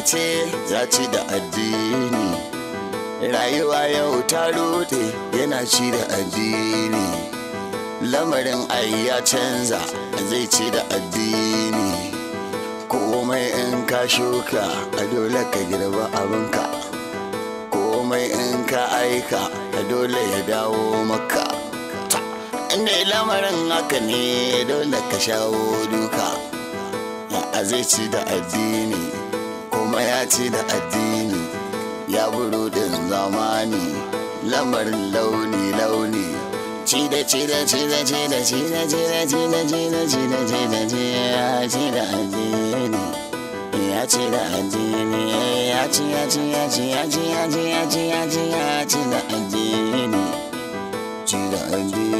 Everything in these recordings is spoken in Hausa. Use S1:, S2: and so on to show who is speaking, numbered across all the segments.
S1: rikice ya ci da addini rayuwa yau ta rute yana ci da addini lamarin ai ya canza zai ci da addini komai in ka shuka a dole ka girba abinka komai in ka aika a dole ya dawo maka inda lamarin haka ne dole ka shawo duka a zai ci da addini kuma ya ce da addini ya burudin zamani lamarin launi launi ci da ci da ci da ci da ci da ci ya ce da addini ya ce da addini ya ce ya ce ya ce ya ce ya ce ya ce ya ce da addini ci da addini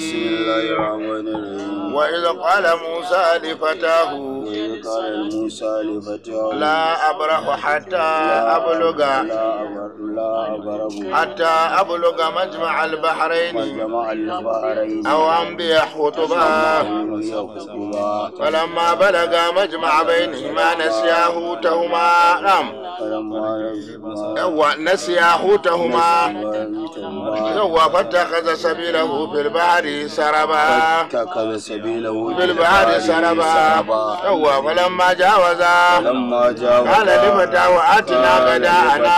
S2: بسم الله الرحمن الرحيم وإذ قال موسى لفتاه وإذ قال موسى لفتاه لا أبرح حتى أبلغ لا أبرح حتى أبلغ مجمع البحرين مجمع البحرين أو أمضي خطبا فلما بلغ مجمع بينهما نسيا حوتهما نعم yawwa nasiya hutahuma yawwa kaza fattakaza sabilahu fil bahri saraba fil bahri saraba yawwa falamma jawaza qala limata wa atina gada ana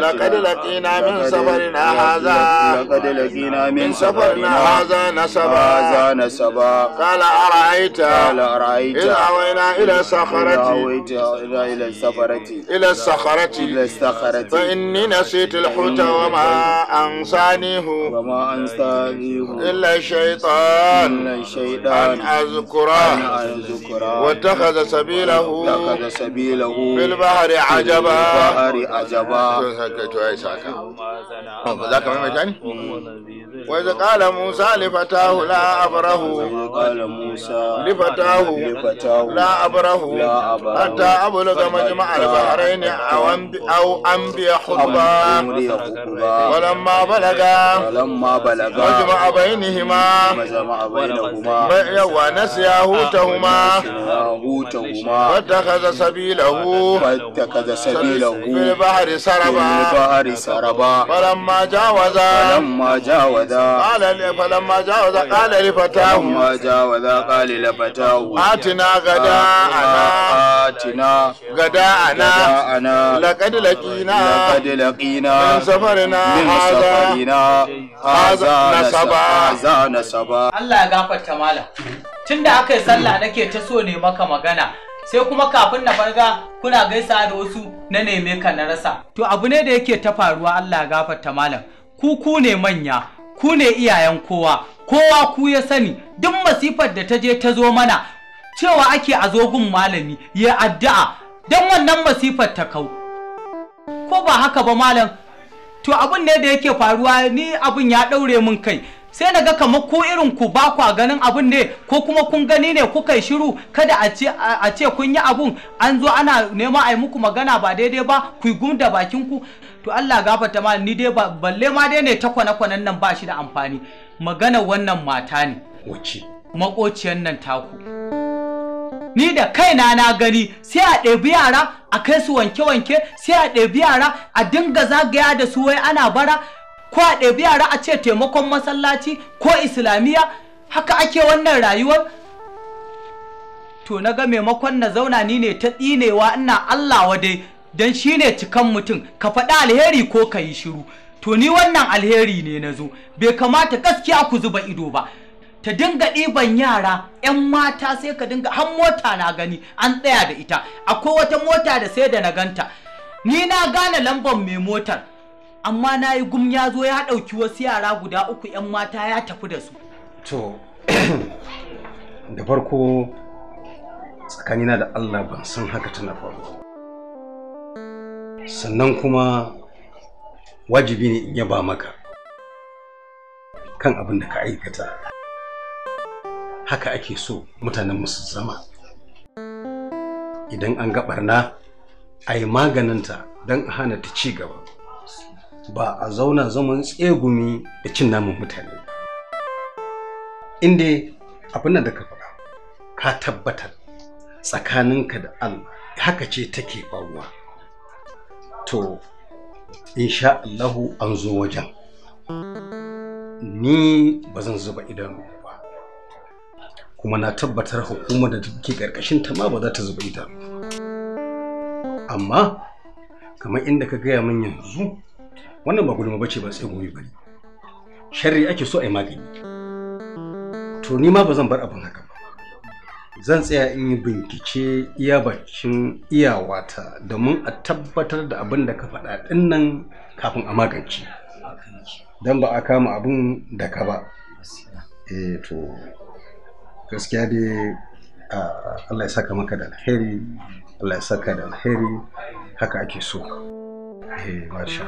S2: laqad laqina min safarina hadha laqad laqina min safarina haza nasaba nasaba Kala ara'aita qala ara'aita idha awayna ila sakharati ila sakharati ila الصخرة فإني نسيت الحوت وما أنسانيه وما أنسانيه إلا الشيطان أن أذكره واتخذ سبيله في البحر عجبا عجبا ذاك ما وإذ قال موسى لفتاه لا أبره قال موسى لفتاه لا أبره حتى أبلغ مجمع البحرين أو أنبي أو أنبي حقبا ولما بلغ ولما بلغ مجمع بينهما مجمع بينهما ونسيا هوتهما هوتهما واتخذ سبيله فاتخذ سبيله في البحر سربا في البحر سربا فلما جاوزا فلما جاوزا قال فلما جاوز قال لفتاه ما جاوز قال لفتاه آتنا غدا أنا آتنا غدا أنا أنا لقد لقينا لقد لقينا من سفرنا هذا
S3: هذا الله tunda aka yi sallah nake ta so ne maka magana sai kuma kafin na farga kuna gaisa da wasu na neme ka na rasa to abu ne da yake ta faruwa Allah ya gafarta malam ku ku ne manya ku ne iyayen kowa kowa ku ya sani duk masifar da ta je ta zo mana cewa ake a zogun malami ya addu'a don wannan masifar ta kau ko ba haka ba malam to abin ne da yake faruwa ni abin ya ɗaure min kai sai na ga kamar ku irin ku ba kwa ganin abin ne ko kuma kun gani ne kuka yi shiru kada a ce kun yi abun an zo ana nema a yi muku magana ba daidai ba ku yi gum da bakin ku to Allah gafarta ma ni dai balle ma dai ne ta kwana-kwanan nan ba shi da amfani magana wannan mata ne wace makociyan nan taku ni da kaina na gani sai a ɗebi yara a kai su wanke-wanke sai a ɗebi yara a dinga zagaya da su wai ana bara ko a ɗebi yara a ce taimakon masallaci ko islamiyya haka ake wannan rayuwar to na ga maimakon na zauna ni ne ta tsinewa ina Allah wa dai. don shi ne cikan mutum ka faɗi alheri ko ka yi shiru to ni wannan alheri ne na zo bai kamata gaskiya ku zuba ido ba ta dinga ɗiban yara 'yan mata sai ka dinga han mota na gani an tsaya da ita akwai wata mota da sai da na ganta ni na gane lambar mai motar amma na yi gum ya zo ya ɗauki wasu yara guda uku 'yan mata ya tafi da su
S4: to da farko tsakanina da allah ban san haka tana faru sannan kuma wajibi ne in yaba maka kan abin da ka aikata haka ake so mutanen musu zama idan an ga barna a yi maganinta don a hana ta ci gaba ba a zauna zaman tsegumi da cin namun mutane inda abin da ka faɗa ka tabbatar tsakaninka da allah haka ce take faruwa to insha Allahu an zo wajen ni ba zan zuba idan ba kuma na tabbatar hukumar da take karkashin ta ma ba za ta zuba ita amma kamar inda ka gaya min yanzu wannan ba gulma bace ba sai gobe bane sharri ake so a yi magani to ni ma ba zan bar abin haka zan tsaya in yi bincike iya bakin iyawata domin a tabbatar da abin da ka faɗa ɗin nan kafin a magance don ba a kama abin da ka ba eh to gaskiya dai Allah ya saka maka da alheri Allah ya saka da alheri haka ake so eh Allah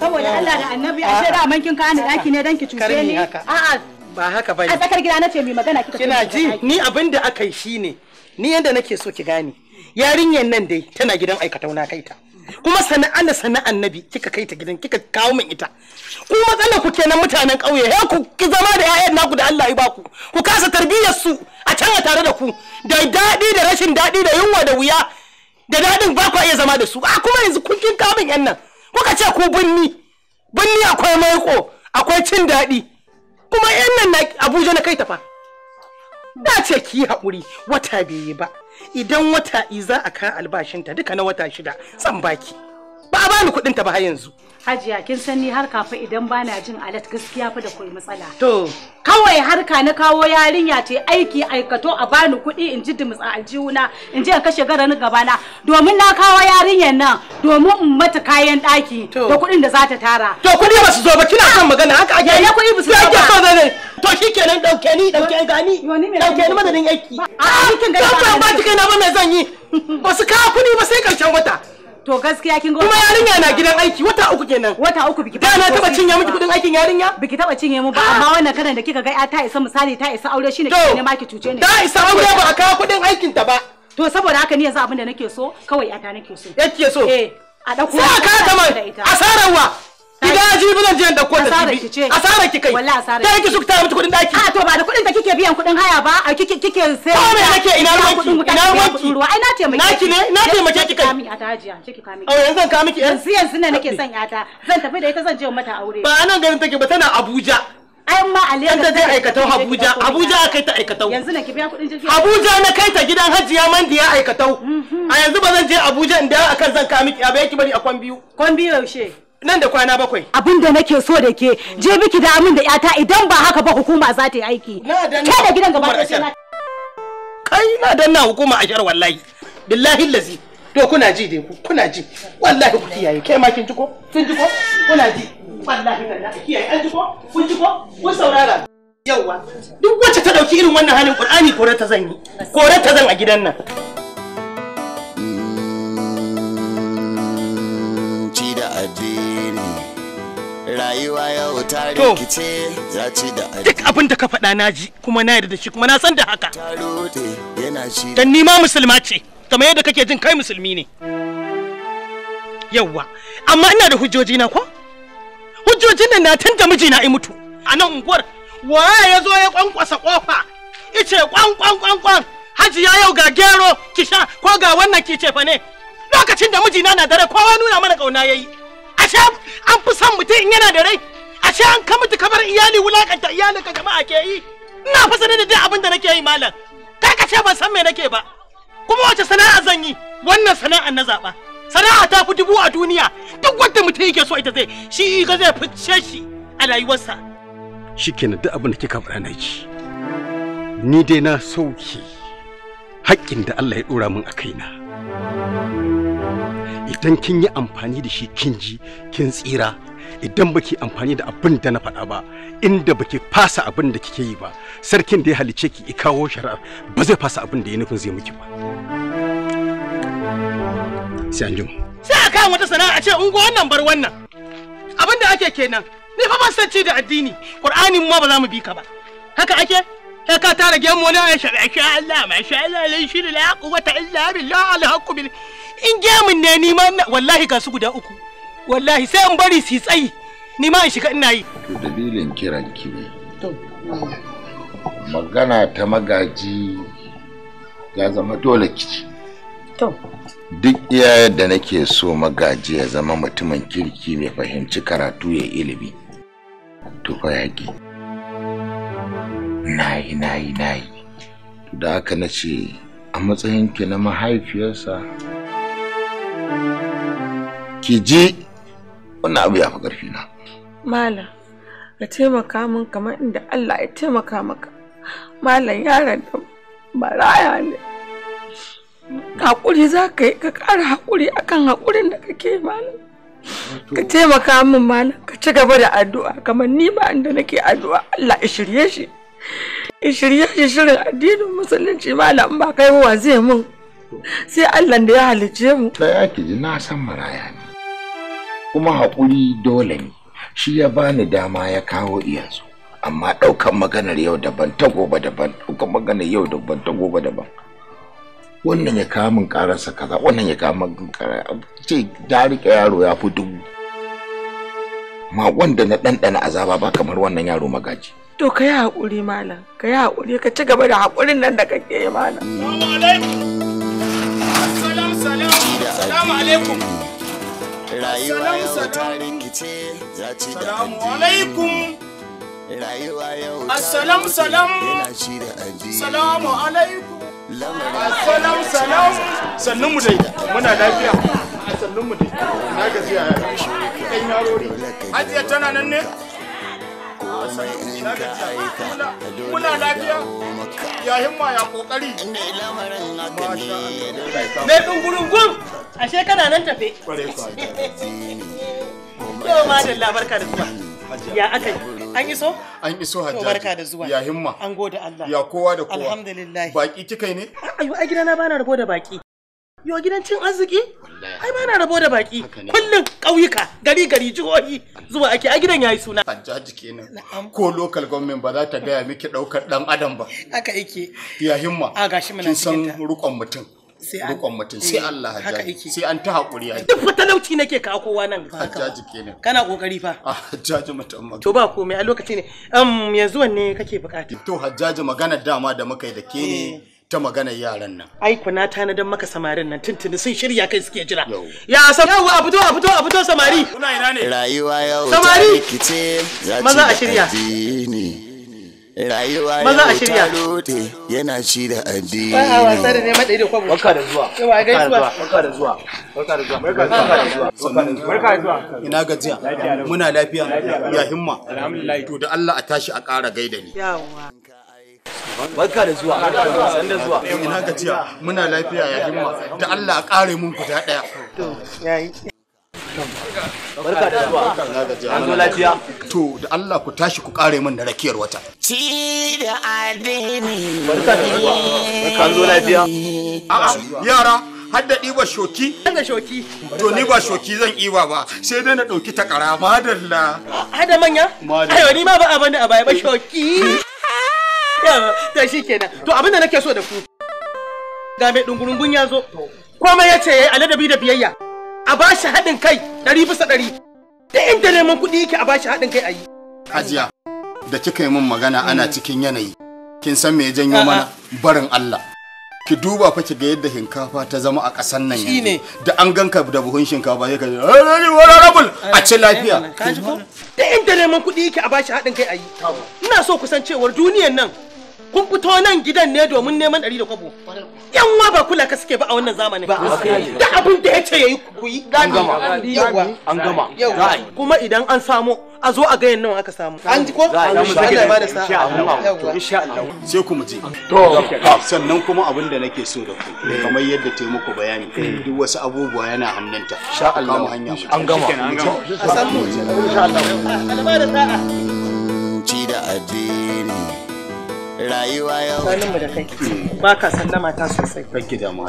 S1: saboda Allah da
S5: annabi ashe da man kin kani daki ne dan ki cuce ni
S1: a ba haka bane a tsakar
S5: gida nace mai magana
S6: kika kina ji ni abin da aka yi shine ni yanda nake so ki gane yarinyar nan dai tana gidan aikatau na kaita kuma sana'an da sana'an nabi kika kai ta gidan kika kawo min ita ku matsala ku kenan mutanen kauye he ku ki zama da 'ya'yan naku da Allah ya baku ku kasa tarbiyyar su a can a tare da ku da daɗi da rashin daɗi da yunwa da wuya da daɗin ba ku iya zama da su a kuma yanzu kun kin kawo min ƴan nan kuka ce ku binni binni akwai maiko akwai cin daɗi kuma yan nan abuja na kai tafa fa da ce ki yi haƙuri wata bai ba idan wata iza a kan albashinta duka na wata shida zan baki ba a bani ta ba yanzu
S5: Hajiya kin san ni har kafa idan bana jin alat gaskiya fa da kai matsala. To. Kawai harka na kawo yarinya ta aiki aikato a bani kuɗi in ji dumus a aljihuna in je in kashe garanin gabana domin na kawo yarinyar nan domin in mata kayan ɗaki da kuɗin da za ta tara. To kuɗi ba su zo ba kina son magana haka ake yi. Ya kuɗi ba su zo ba. To shikenan dauke ni dauke gani dauke ni madadin aiki. A kin ga ba. Ba ba kai na ba me zan yi. Ba su kawo kuɗi ba sai karshen wata. To gaskiya kin go. kuma yarinya na gidan aiki wata uku kenan. Wata uku biki. Da na taba cinye miki kudin aikin yarinya? Biki taba cinye mu ba ah! amma wannan karan da kika ga ya ta isa misali ta isa aure shine kike ne maki cuce ne. Ta isa aure ba a kawo kudin aikin ta ba. To saboda haka ni yanzu abin da nake so kawai ya ta nake so. Yake so. Eh. A dauko. Sai ka kama asarar Idan aji ba zan je in dauko ta asara ki ce ki kai wallahi asara ki kike su ta mutu kudin daki a to ba da kudin da kike biyan kudin haya ba a kike kike sai ko me nake ina ruwanki ina ruwanki ruwa ai na taimake naki ne na taimake ki kai kami a tajiya ciki kami oh yanzu zan ka miki yanzu yanzu ne nake son yata zan tafi da ita zan je mata aure ba
S6: anan garin take ba tana Abuja ai ma a ta je aikatau Abuja Abuja a kai ta aikatau
S5: yanzu na ki biya kudin jirgin Abuja na kai ta gidan Hajiya
S6: Mandiya aikatau mhm. a yanzu ba zan je Abuja in da akan zan ka miki a bai ki bari a kwan biyu kwan biyu yaushe nan da kwana bakwai abin da
S5: nake so da ke je biki da amin da yata idan ba haka ba hukuma za ta yi aiki ke da gidan
S6: gaba da kai na danna hukuma a shar wallahi billahi lazi to kuna ji dai ku kuna ji wallahi ku kiyaye kai ma kin ji ko kin ji ko kuna ji
S5: wallahi na kiyaye an ji ko kun ji ko kun
S6: saurara yauwa duk wacce ta dauki irin wannan halin qur'ani kore ta zan yi kore ta zan a gidan nan
S1: rayuwa yau ta rikice za ci da aji
S6: duk abin da ka faɗa na ji kuma na yarda da shi kuma na san da haka
S1: ta yana shi dan ni
S6: ma musulma ce kamar yadda kake jin kai musulmi ne yawwa amma ina da hujjoji na ko hujjojin nan na tun da mijina in mutu a nan unguwar waye ya zo ya kwankwasa kofa ice kwan kwan kwan kwan hajiya yau ga gero kisha ko ga wannan kice fa ne lokacin da mijina na dare kowa nuna mana kauna yayi ashe an fi son mutum in yana da rai ashe an ka mutu kamar iyali wulakanta iyali ka jama'a ke yi ina fa sanar da duk abin da nake yi malam kai ka ce ban san me nake ba kuma wace sana'a zan yi wannan sana'a na zaba sana'a ta fi dubu a duniya duk wanda mutum yake so ita zai shi ga zai fice shi a rayuwarsa
S4: shikenan duk abin da kika faɗa na ji ni dai na sauki haƙƙin da Allah ya ɗora min a kaina. idan kin yi amfani da shi kin ji kin tsira idan baki amfani da abin da na faɗa ba inda baki fasa abin da kike yi ba sarkin da ya halice ki i kawo shari'a ba zai fasa abin da ya nufin zai miki ba sai an jima
S6: sai a kawo wata sana'a ce ungo wannan bar wannan abin da ake kenan ni fa ban san ci da addini qur'anin ma ba za mu bi ka ba haka ake kai ka tara gemu wani ya shari'a sha Allah ma sha Allah la shirin la quwwata illa billah al in gemun ne ni ma wallahi ga su guda uku wallahi sai in bari su tsayi ni ma in shiga ina yi
S2: to dalilin kiran ki ne magana ta magaji ya zama dole kici to duk iyayen da nake so magaji ya zama mutumin kirki mai fahimci karatu ya ilimi to fa yaki nayi nayi nayi da haka nace ce a matsayinki na mahaifiyarsa ki ji wannan abu ya fi ƙarfi na
S5: malam ka taimaka min kamar inda Allah ya taimaka maka malam yaron da maraya ne hakuri za ka yi ka ƙara hakuri akan hakurin da kake malam ka taimaka min malam ka ci gaba da addu'a kamar ni ba inda nake addu'a Allah ya shirye shi ya shirye shi
S2: shirin addinin musulunci malam ba kai wa zai mun sai Allah da ya halice mu da ya ji na san maraya ne kuma haƙuri dole ne shi ya bani dama ya kawo iyansu amma ɗaukan maganar yau daban ta gobe daban ɗaukan maganar yau daban ta gobe daban wannan ya kawo min karasa kaza wannan ya kawo min karasa ce da rike yaro ya fi dubu ma wanda na ɗanɗana azaba ba kamar wannan yaro magaji
S5: to ka yi haƙuri malam ka yi haƙuri ka ci
S3: gaba da haƙurin nan da kake yi malam
S1: Salamu alaikum. Rayuwa yau ta rikice za ci da Salamu alaikum. Rayuwa yau ta Assalam
S6: salam. Salamu alaikum. Assalam salam. Sannun mu dai muna lafiya. Sannun mu dai. Na gajiya ya. shi. Kai yarori. Hajiya tana nan ne?
S1: komai in aika muna lafiya
S6: ya himma ya kokari inda
S1: lamarin ne ne
S6: dungurungun ashe kana nan tafe ma da labarka da zuwa ya aka an iso an iso hajjaji barka da zuwa ya himma an gode Allah ya kowa da kowa alhamdulillah baki kikai ne ayo a gidana bana rabo da baki yo gidan cin arziki ai ba na rabo da baki kullum ƙauyuka gari gari jihohi zuwa ake a gidan yayi suna a jaji kenan ko local government ba za ta gaya miki ɗaukar ɗan adam ba haka yake ya himma a gashi muna san rukon mutum rukon mutum sai mm, Allah hajjaji sai an ta haƙuri ai duk talauci nake ka kowa nan hajjaji kenan kana kokari fa a ah, hajjaji mutum to ba komai a lokaci ne yanzu wanne kake bukata to hajjaji magana dama da muka yi da ke ne eh. ta maganar yaran nan. Ai na tanadan maka samarin nan tuntuni sun shirya kai suke jira. Ya asa yawa a fito a fito a fito samari. Kuna
S1: ina ne? Rayuwa yau samari. Maza a shirya. Rayuwa Maza a shirya. yana ci da addini. Ba a wasa da neman da
S6: kwabo. Barka da zuwa. Yawa ga zuwa. Barka da zuwa. Barka da zuwa. Barka da zuwa. Barka da zuwa. Ina gajiya. Muna lafiya. Ya himma. Alhamdulillah. To da Allah a tashi a ƙara gaida ni. Yawa. barka da zuwa san da zuwa ina gajiya muna lafiya ya himma da Allah a kare mun guda
S1: daya to yayi barka da zuwa
S6: an zo lafiya to da Allah ku tashi ku kare mun da rakiyar wata
S1: ci da adini
S6: barka da zuwa barka zo lafiya
S1: a'a yara
S6: Hadda da ɗiba shoki? Hada shoki. To ni ba shoki zan ɗiba ba sai dai na ɗauki takara madalla. Hada manya? Madalla. Ayo ni ma ba abin da a baya ba shoki. to shi kenan to abin da nake so da ku ga mai dungurungun ya zo komai ya ce ya yi aladabi da biyayya a ba shi haɗin kai ɗari bisa ɗari da inda neman kuɗi yake a ba shi haɗin kai a yi hajiya da kika yi min magana ana mm. cikin yanayi kin san me ya janyo mana barin Allah ki duba fa ki ga yadda hinkafa ta zama a kasan nan yanzu da an ganka da buhun shinkafa sai ka ji rabul a ci lafiya da inda neman kuɗi yake a ba shi haɗin kai a yi ina so kusancewar duniyar nan kun fito nan gidan ne domin neman ɗari da kwabo wa ba kula ka suke ba a wannan zamanin da abin da ya ce ya yi ku yi an gama an gama kuma idan an samu a zo a gayan nan aka samu an ji ko Allah ba da sa'a insha Allah sai ku mu je to sannan kuma abin da nake so da ku kamar yadda ta muku bayani duk wasu
S1: abubuwa yana
S6: hannunta insha Allah an gama an gama a samu
S1: insha Allah Allah da sa'a ci da addini rayuwa yau
S6: sanin mu da kai baka sallama ta sosai kake da mu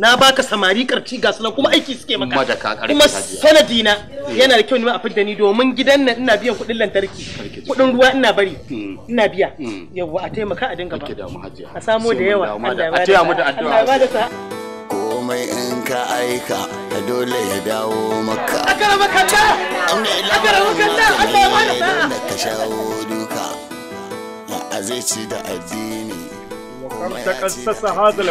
S6: na baka samari karci ga sunan kuma aiki suke maka kuma da ka kuma sanadi na mm. yana da kyau ne a fidda ni domin gidan nan ina biyan kuɗin lantarki kuɗin ruwa ina bari mm. ina biya mm. yawa a taimaka a dinga ba
S3: a
S1: samo da yawa Allah ya bada Allah ya bada komai in ka aika da dole ya dawo maka
S6: akara makalla akara makalla Allah ya
S1: bada sa'a ka shawo duka a zai ci da addini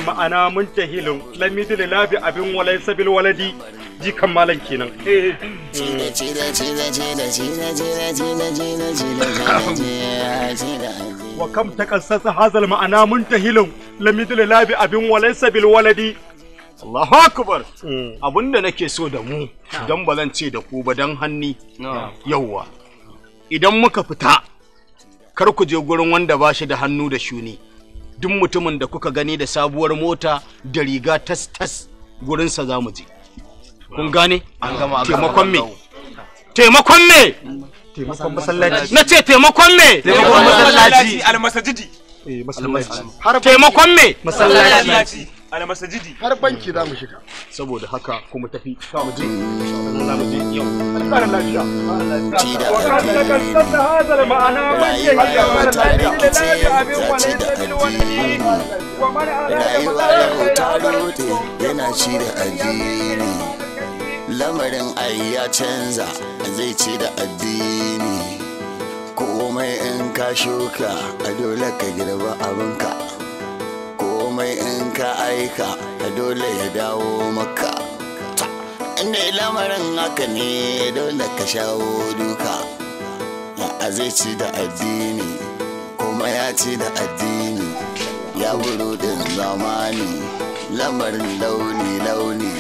S7: ma'ana mun ta المعنى lamidu لم يدل لا بأب وليس بالولد
S1: ji kan malam kenan.
S7: Wa kam ta kassasa hazal ma'ana mun
S6: tahilin lamidul labi abin walai sabil waladi Allahu akbar abinda nake so da mu dan ba zan ce da ku ba dan hanni yawwa idan muka fita kar ku je gurin wanda ba shi da hannu da shuni duk mutumin da kuka gani da sabuwar mota da riga tas tas gurinsa za mu je kun gane taimakon me taimakon me taimakon
S7: masallaci na ce taimakon me taimakon masallaci almasajidi eh, taimakon me masallaci almasajidi har banki za mu shiga saboda haka kuma tafi ka mu je nan za mu je yau Allah lafiya wa kan da kan
S1: sabda hada al ma'ana wa hiya hiya wa la ilaha illa wa laysa min wali wa man arada ta rute yana ci da addini lamarin ai ya canza zai ci da addini komai in ka shuka a dole ka girba abinka komai in ka aika da dole ya dawo maka inda lamarin haka ne dole ka shawo duka zai ci da addini kuma ya ci da addini ya burudin zamani lamarin launi-launi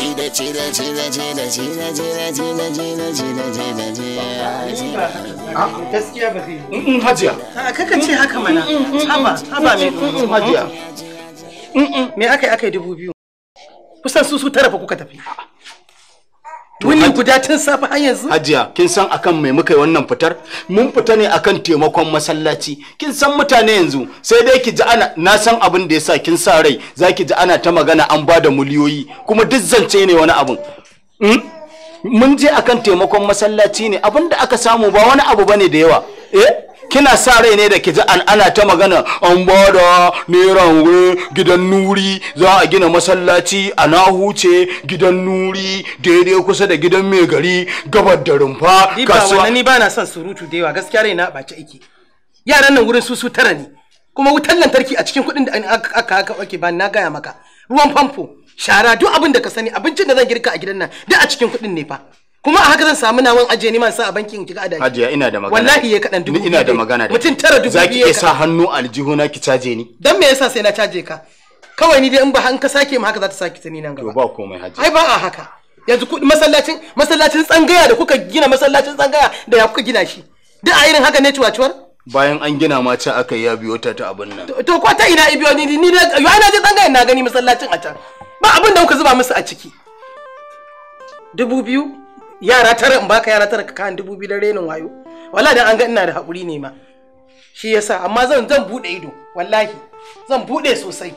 S1: Chile, Chile, Chile, Chile, Chile, Chile, Chile, Chile, Chile, Chile, Chile. Gaskiya ba zai yi. Hajiya.
S6: Kaka ce haka mana. Haba, haba mai dubu. Hajiya. Me aka yi aka yi dubu biyu? Kusan su su tara fa kuka tafi. Wani guda tun safi har yanzu hajiya kin san akan mai muka wannan fitar mun fita ne akan taimakon masallaci kin san mutane yanzu sai dai ki ji ana na san abin da yasa kin sa rai zaki ji ana ta magana an ba da miliyoyi kuma duk zance ne wani abin hmm? mun je akan taimakon masallaci ne abin da aka samu ba wani abu bane da yawa eh kina sa rai ne da ki ji ana ta magana an ba da neran gidan nuri za a gina masallaci a na huce gidan nuri daidai kusa da gidan mai gari gabar da rumfa kasuwa ni ba na son surutu da yawa gaskiya rai na bace ake yaran nan wurin su su tara ne kuma wutan lantarki a cikin kuɗin da aka aka ake ba na gaya maka ruwan famfo shara duk abin da ka sani abincin da zan girka a gidan nan duk a cikin kuɗin ne fa kuma a haka zan samu nawan ajiye ni man sa a bankin kika adadi. ajiya ina da magana wallahi ya kadan dubu ina da magana mutum tara dubu zaki iya sa hannu aljihu na ki caje ni dan me yasa sai na caje ka kawai ni dai in ba an ka sake mu haka za ta saki tani nan gaba to ba komai haji ai ba a haka yanzu masallacin masallacin tsangaya da kuka gina masallacin tsangaya da ya kuka gina shi duk a irin haka ne ciwaciwar bayan an gina ma can aka yi abiyo ta ta abin nan to ko ta ina ibiyo ni ni na na je tsangayen na gani masallacin a can ba abin da kuka zuba musu a ciki dubu biyu yara tara in baka yara tara ka kan dubu biyu da renin wayo wallahi dan an ga ina da haƙuri ne ma shi yasa amma zan zan bude ido wallahi zan bude sosai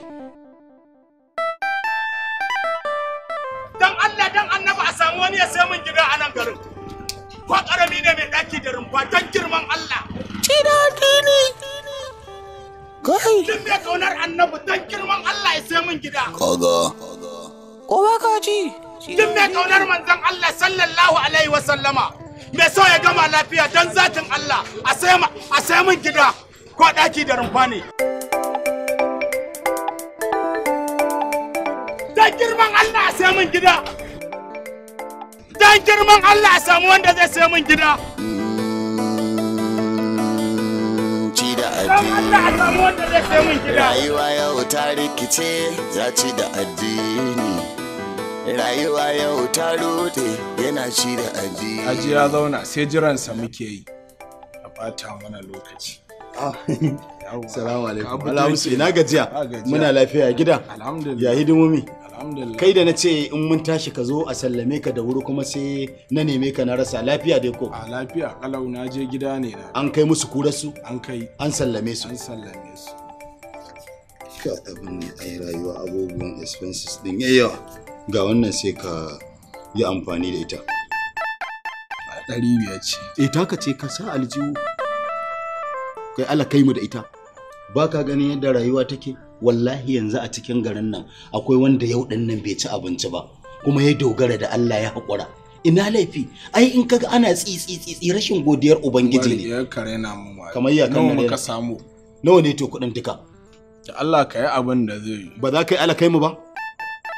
S6: dan Allah dan annaba a samu wani ya sai min gida a nan garin ko karami ne mai daki da rumfa dan girman Allah tina tini kai kin mai kaunar annabi dan girman Allah ya sai min gida kaga ko ba ka ji duk mai kaunar manzon Allah sallallahu alaihi wa sallama mai so ya gama lafiya don zatin Allah a sai min gida ko daki da rumfa ne don girman Allah a sai min gida don girman Allah a samu wanda zai sai min gida Rayuwa
S1: yau ta rikice, ci da addini. rayuwa yau ta rute yana ci da aji aji ya zauna sai jiransa muke yi
S8: a bata mana lokaci ah, salamu alaikum alhamsu ina gajiya muna lafiya gida
S6: ya hidimomi kai da na ce in mun tashi ka zo a sallame ka da wuri kuma sai na neme ka na rasa lafiya dai ko a
S8: lafiya kalau na je gida ne na an kai musu kurarsu an kai an sallame su an sallame su
S2: ka abin ne ai rayuwa abubuwan expenses din yayyawa. yawa ga wannan sai ka yi amfani da ita a
S8: ɗari biyar ce ita eh, ka
S2: ce ka sa aljihu kai ala kai mu da ita ba ka ganin yadda rayuwa
S6: take wallahi yanzu a cikin garin nan akwai wanda yau ɗin nan bai ci abinci ba kuma ya dogara da Allah ya haƙura ina laifi ai in kaga ana tsitsi tsitsi rashin godiyar
S8: ubangiji ne kamar ya kan muka samu nawa ne to kuɗin duka da Allah ka yi abin da zai yi ba za ka yi ala kai mu ba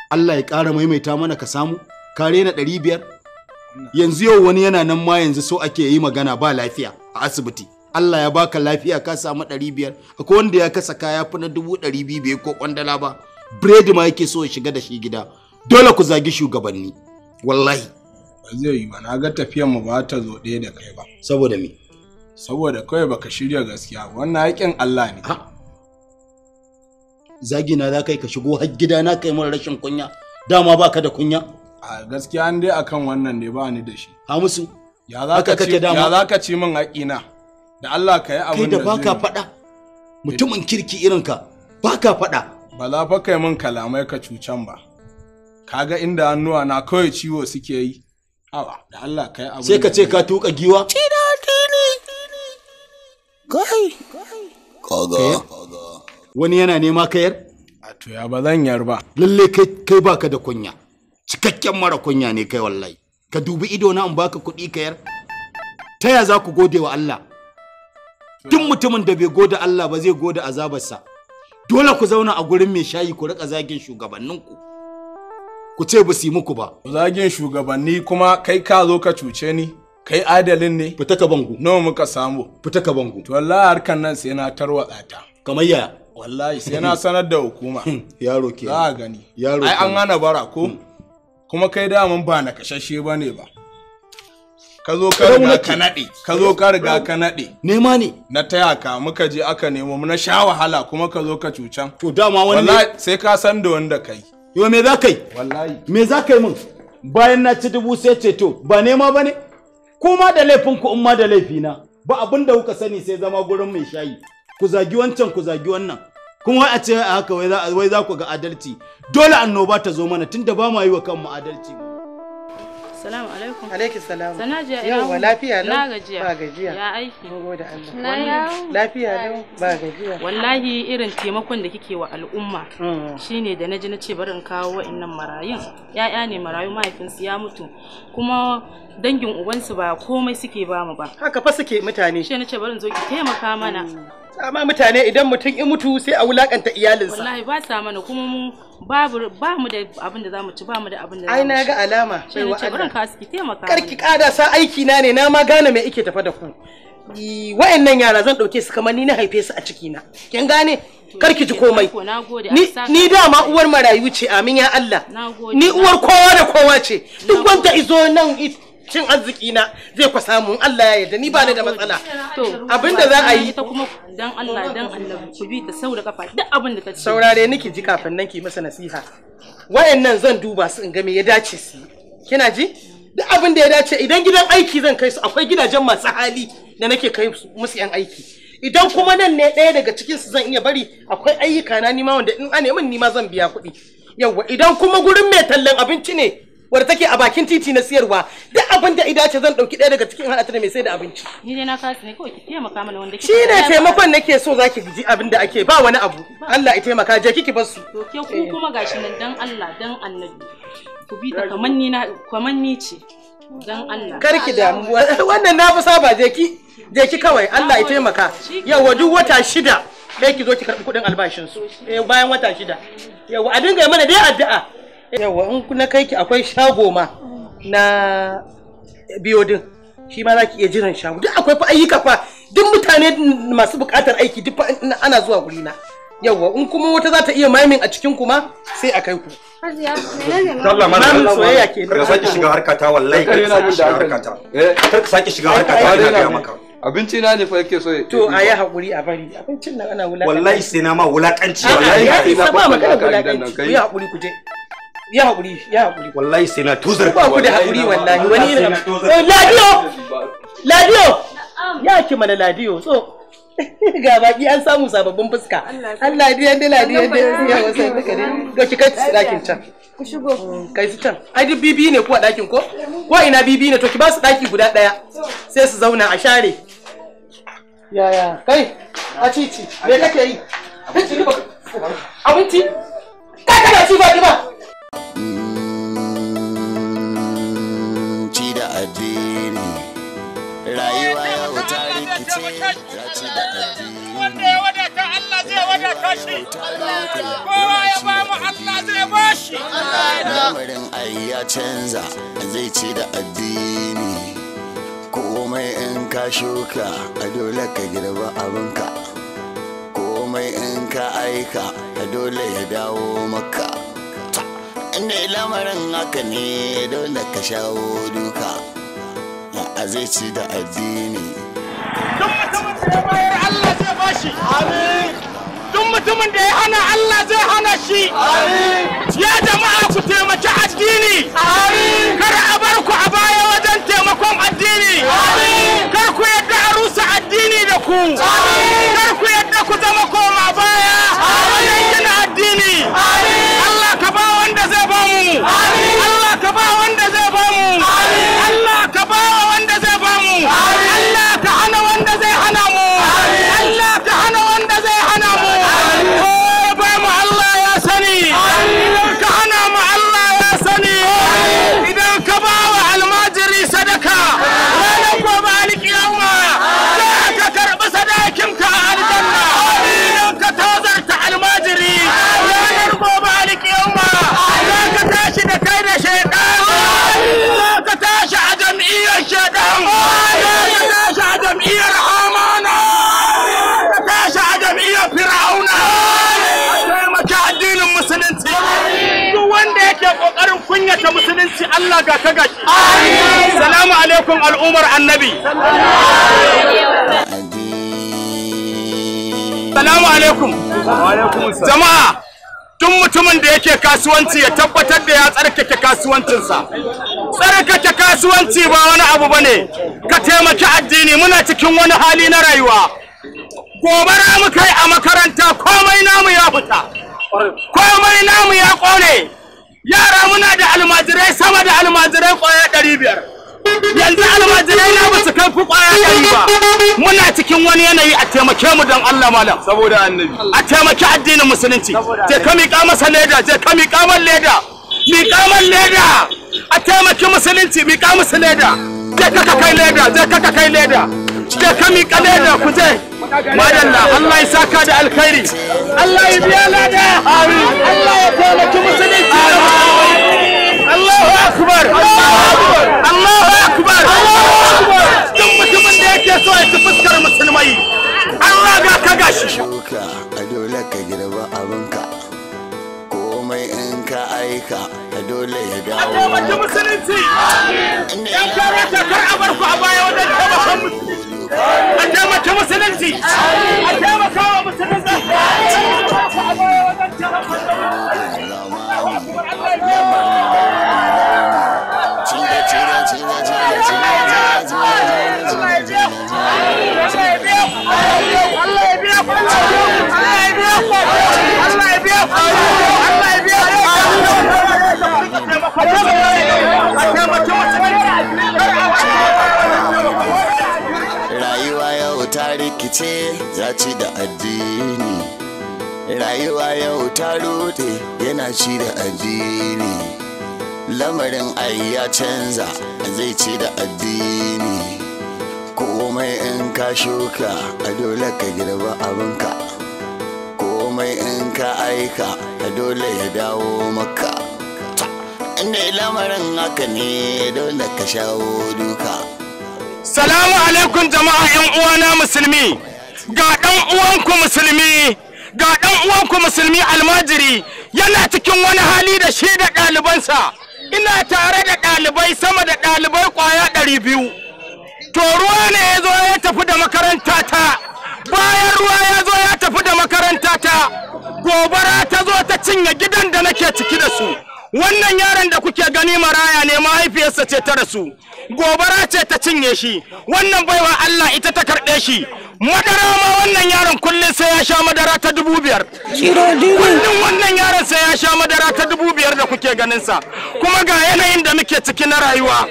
S8: Allah ya ƙara maimaita mana ka
S6: samu ka rena ɗari biyar yanzu yau wani yana nan ma yanzu so ake yi magana ba lafiya a asibiti Allah ya baka lafiya ka samu ɗari biyar akwai wanda ya kasa kaya fi na dubu
S8: ɗari biyu bai ko kwandala ba biredi ma yake so ya shiga da shi gida dole ku zagi shugabanni wallahi ba zai yi ba na ga tafiyan mu ba ta zo ɗaya da kai ba saboda me saboda kawai baka shirya gaskiya wannan haƙƙin Allah ne na za ka yi ka shigo har gida na kai mara rashin kunya dama ba ka da kunya a gaskiya an dai akan wannan ne ba ni da shi musu ya za ka ce ya za ka ci min haƙina da Allah ka yi abin da kai da baka faɗa mutumin kirki irin ka baka faɗa ba za fa kai min kalamai ka cucan ba kaga inda hannuwa na kawai ciwo suke yi awa da Allah ka yi abin sai ka ce ka tuka giwa kai kaga eh? wani yana nema ka yar. a to ya ba zan yar ba lalle kai baka da kunya cikakken
S6: mara kunya ne kai wallahi ka dubi ido na in baka kuɗi yar. ta ya za ku gode wa Allah duk mutumin da bai gode Allah ba zai gode azabarsa
S8: dole ku zauna a gurin mai shayi ku rika zagin shugabanninku ku ce ba su yi muku ba zagin shugabanni kuma kai ka zo ka cuce ni kai adalin ne fita ka bangu nawa muka samu fita ka bangu to Allah harkan nan sai na tarwatsa ta kamar yaya wallahi sai na sanar da hukuma hmm. yaro ke za a gani yaro ai an hana bara ko hmm. kuma kai daman ba na kashashe ba ne ba ka zo ka riga ka naɗe ka zo ka riga ka naɗe nema ne na taya ka muka je aka nemo na sha wahala kuma ka zo ka cucan to dama wani wallahi sai ka san da wanda kai yo me za kai wallahi me za kai mun
S6: bayan na ci dubu sai ce to ba nema ba ne kuma da laifin ku in ma da laifina ba abin da kuka sani sai zama gurin mai shayi ku zagi wancan ku zagi wannan kuma wai a ce a haka wai za ku ga adalci dole annoba ta zo mana tunda ba ma yi wa kanmu adalci
S5: Salamu alaikum. Alaikum salamu. Sana jiya ina. Yawwa lafiya lau. Na gajiya. Ba gajiya. Ya aiki. Mun gode Allah. Na yawo. Lafiya lau ba gajiya. Wallahi irin taimakon da kike wa al'umma mm. shine da naji na ce bari in kawo wa'annan marayun. Ya'ya ne marayu mahaifinsu ya mutu. Kuma dangin ubansu ba komai suke bamu ba. Haka fa suke mutane. Shi na ce bari in zo ki taimaka mana. Mm.
S6: amma mutane idan mutum in mutu sai a wulakanta
S5: iyalinsa wallahi ba sa mana kuma mu babu ba mu da abin da zamu ci ba mu da abin da ai na ga alama sai
S6: wa Allah ki taimaka karki kada sa aiki na ne na ma gane me ike tafa da ku wa'annan yara zan dauke su kamar ni na haife su a ciki na kin gane karki ji komai
S5: ni dama uwar marayu
S6: ce amin ya Allah ni uwar kowa da kowa ce duk wanda izo nan cin arziki na zai kwa samu Allah ya yarda ni ba ni da matsala abinda za a yi
S5: ta kuma dan Allah dan Allah ku bi ta saura kafa duk abin
S6: da ta saurare niki ji kafin nan ki masa nasiha wayannan zan duba su in ga me ya dace su kina ji duk abin ya dace idan gidan aiki zan kai su akwai gidajen masu hali da nake kai musu yan aiki idan kuma nan ne ɗaya daga cikin su zan iya bari akwai ayyuka na nima wanda in an min nima zan biya kuɗi yawwa idan kuma gurin mai tallan abinci ne wadda take a bakin titi na siyarwa duk abin da ida ce zan dauki ɗaya daga cikin hada mai sai da abinci ni dai
S5: na kasu ne kawai ki taimaka mana wanda kike ne taimakon
S6: nake so zaki ji abin da ake ba wani abu Allah ya taimaka je kiki bar su
S5: to ke ku eh. kuma gashi nan dan Allah dan Annabi ku bi ta kaman ni na kaman ni ce dan Allah kar ki damu
S6: wannan na fi saba je ki je ki kawai Allah ya taimaka yawa duk wata shida dai ki zo ki karbi kuɗin albashin su eh, bayan wata shida yawa a dinga mana dai addu'a yawa in na kai ki akwai shago ma na biyodin shi ma za ki iya jiran shago duk akwai fa ayyuka fa duk mutane masu buƙatar aiki duk ana zuwa guri na yawa in kuma wata za ta iya maimin a cikin kuma sai a kai ku
S9: Allah mana
S6: Allah soyayya
S7: ke ka saki shiga harka ta wallahi ka saki shiga harka ta ka saki shiga harka ta ina ga maka
S4: abinci na ne fa yake so
S6: to a yi hakuri a bari abincin nan ana wulakanci wallahi sai
S4: na ma wulakanci wallahi sai na ba magana wulakanci ku yi
S6: hakuri ku je ya haƙuri ya haƙuri
S4: wallahi sai na tuzar
S6: ba ku da haƙuri wallahi wani irin ladiyo
S3: ladiyo ya ki mana ladiyo so ga baki an samu sababbin fuska Allah diya da ladiya da ya wasa da kare ga ki kai dakin can
S1: ku shigo mm,
S3: kai su can ai duk
S6: bibi ne ko a dakin ko ko ina bibi ne to ki ba su daki guda daya sai su zauna a share yaya kai a cici me kake yi abinci abinci kai kana ci ba ba
S1: addini rayuwa ya wuta rikici ya ci da addini wanda ya wadata Allah zai wadata shi kowa ya ba mu Allah zai ba shi lamarin ai ya canza zai ci da addini komai in ka shuka a dole ka girba abinka komai in ka aika a dole ya dawo maka inda lamarin haka ne dole ka shawo duka a zai ci da addini duk mutumin
S6: da ya bayar Allah zai bashi amin duk mutumin ya hana Allah zai hana shi amin ya jama'a ku taimaki addini kar a bar ku a baya wajen taimakon addini kar ku yadda a rusa addini da ku wannan kunya ta musulunci Allah ga ta
S1: gashi salamu alaikum al'umar annabi
S6: salamu alaikum jama'a tun mutumin da yake kasuwanci ya tabbatar da ya tsarkake kasuwancinsa tsarkake kasuwanci ba wani abu bane ka taimaki addini muna cikin wani hali na rayuwa na mu kai a makaranta komai namu ya fita komai namu ya kone yara muna da almajirai sama da almajirai kwaya ɗari biyar yanzu almajirai na ba su kai fi kwaya ɗari ba muna cikin wani yanayi a taimake mu don Allah malam saboda annabi a taimaki addinin musulunci je ka miƙa masa leda je ka miƙa man leda
S1: miƙa man leda
S6: a taimaki musulunci miƙa musu leda je ka kai leda je ka kai leda je ka miƙa leda ku je madalla Allah ya saka da alkhairi Allah ya biya lada Allah ya taimaki musulunci Allahu akbar Allahu akbar Allahu akbar duk mutumin da yake so ya ci fuskar musulmai
S1: Allah ga ka gashi a dole ka girba abinka komai in ka aika a dole ya dawo a taimaki musulunci yan kare ta kar a barku a baya wajen taimakon
S6: musulunci a taimaka musulunci a taimaka wa musulunci
S1: Allah ya biya Allah ya biya ce ya ci da addini rayuwa yau ta rute yana ci da addini lamarin ai ya canza zai ci da addini komai in ka shuka a dole ka girba abinka komai in ka aika a dole ya dawo maka inda lamarin haka ne dole ka shawo duka
S6: salamu alaikum jama'a yan uwana musulmi ga ɗan uwanku musulmi ga ɗan uwanku musulmi almajiri yana cikin wani hali da shi da ɗalibansa ina tare da ɗalibai sama da ɗalibai ƙwaya ɗari biyu to ruwa ne ya zo ya tafi da makaranta ta bayan ruwa ya zo ya tafi da makaranta ta gobara ta zo ta cinye gidan da nake ciki da su wannan yaron da kuke gani maraya ne mahaifiyarsa ce ta rasu gobara ce ta cinye shi wannan baiwa Allah ita ta karɓe shi madara ma wannan yaron kullum sai ya sha madara ta dubu biyar kullum wannan yaron sai ya sha madara ta dubu biyar da kuke ganinsa kuma ga yanayin da muke ciki na rayuwa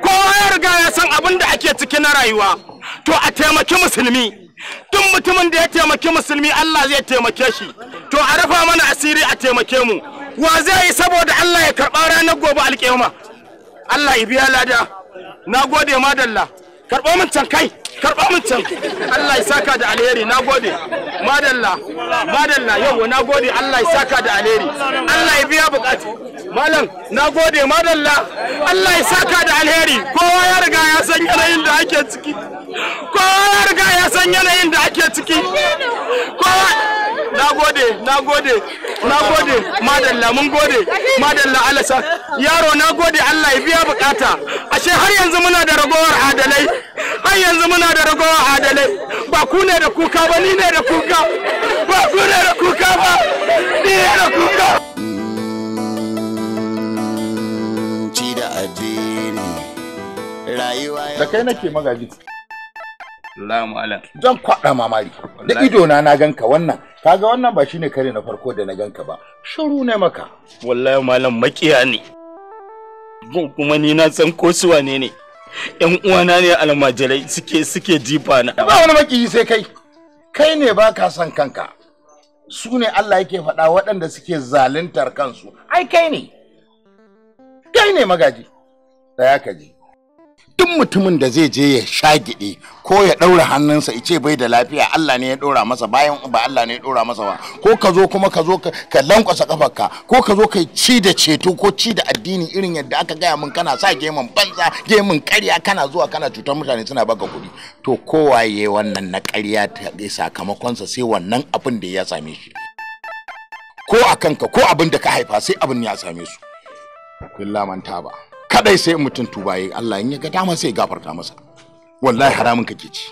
S6: kowa ya riga ya san abin da ake ciki na rayuwa to a taimaki musulmi duk mutumin da ya taimaki musulmi Allah zai taimake shi to a rufa mana asiri a taimake mu wa zai yi saboda Allah ya karɓa ranar gobe alƙiyama Allah ya biya lada na gode madalla karɓo min can kai karɓo min can Allah ya saka da alheri na gode madalla madalla yau na gode Allah ya saka da alheri Allah ya biya buƙatu malam na gode madalla Allah ya saka da alheri kowa ya riga ya san yanayin da ake ciki kowa ya riga ya san yanayin da ake ciki kowa na gode na gode na gode madalla mun gode madalla Allah sa yaro na gode Allah ya biya bukata ashe har yanzu muna da ragowar adalai har yanzu muna da ragowar adalai ba ku ne da kuka ba ni ne da kuka ba ku ne da kuka ba ni ne da kuka
S2: rayuwa da kai nake magaji Lamu alam. Zan kwaɗa mamari. Da ido na na ganka wannan. Kaga wannan ba shine kare na farko da na ganka ba. Shiru ne maka. Wallahi malam makiya ne.
S6: Kuma ni na san ko su wane ne. Yan uwana ne almajirai suke suke jifa na. Ba
S2: wani makiyi sai kai. Kai ne ba ka san kanka. Su ne Allah yake faɗa waɗanda suke zaluntar kansu. Ai kai ne. Kai ne magaji. Daya ka ji. duk mutumin da zai je ya sha gidi, ko ya ɗaura hannunsa ya ce bai da lafiya Allah ne ya ɗora masa bayan ba Allah ne ya ɗora masa ba ko ka zo kuma ka zo ka lankwasa kafarka ko ka zo ka ci da ceto ko ci da addini irin yadda aka gaya min kana sa gemun banza gemun karya kana zuwa kana cutar mutane suna baka kuɗi to kowaye wannan na karya ta sakamakonsa sai wannan abin da ya same shi ko a kanka ko abin da ka haifa sai abin ya same su kullaman ta ba kadai sai mutum tuba yi Allah in ya ga dama sai gafarta masa wallahi haramun kake ci